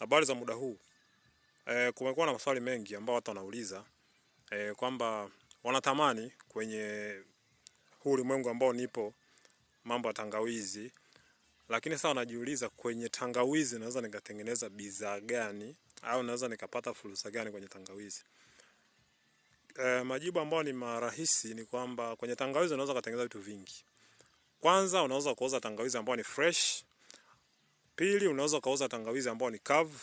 Habari za muda huu. E, kumekuwa na maswali mengi ambayo watu wanauliza e, kwamba wanatamani kwenye huu ulimwengu ambao nipo mambo ya tangawizi, lakini sasa wanajiuliza kwenye tangawizi naweza nikatengeneza bidhaa gani au naweza nikapata fursa gani kwenye tangawizi? E, majibu ambayo ni marahisi ni kwamba kwenye tangawizi unaweza kutengeneza vitu vingi. Kwanza unaweza kuuza tangawizi ambayo ni fresh Pili, unaweza ukauza tangawizi ambayo ni kavu.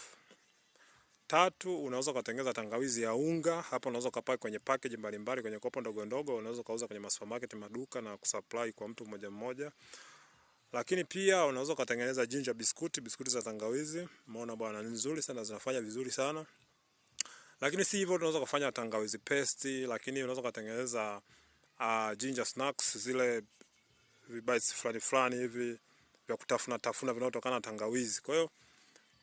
Tatu, unaweza ukatengeza tangawizi ya unga. hapo unaweza ukapaki kwenye package mbalimbali, kwenye kopo ndogo ndogo, unaweza ukauza kwenye supermarket, maduka na kusupply kwa mtu mmoja mmoja. Lakini pia unaweza ukatengeneza ginger biscuit, biscuit za tangawizi. Umeona bwana, ni nzuri sana, zinafanya vizuri sana. Lakini si hivyo, unaweza kufanya tangawizi paste, lakini unaweza ukatengeneza uh, ginger snacks, zile vibites fulani fulani hivi vya kutafuna tafuna vinavyotokana na tangawizi. Kwa hiyo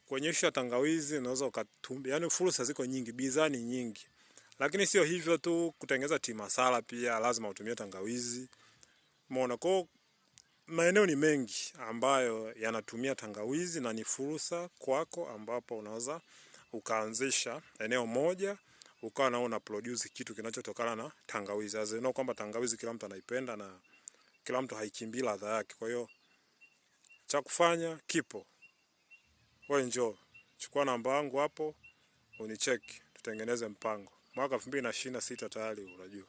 kwenye ya tangawizi unaweza ukatumia, yani fursa ziko nyingi, bidhaa ni nyingi. Lakini sio hivyo tu, kutengeneza tea masala pia lazima utumie tangawizi. Umeona, kwa maeneo ni mengi ambayo yanatumia tangawizi na ni fursa kwako, ambapo unaweza ukaanzisha eneo moja ukawa na una produce kitu kinachotokana na tangawizi. Azeno kwamba tangawizi kila mtu anaipenda na kila mtu haikimbii ladha yake, kwa hiyo cha kufanya kipo, we njoo chukua namba yangu hapo unicheki, tutengeneze mpango. Mwaka elfu mbili na ishirini na sita tayari unajua.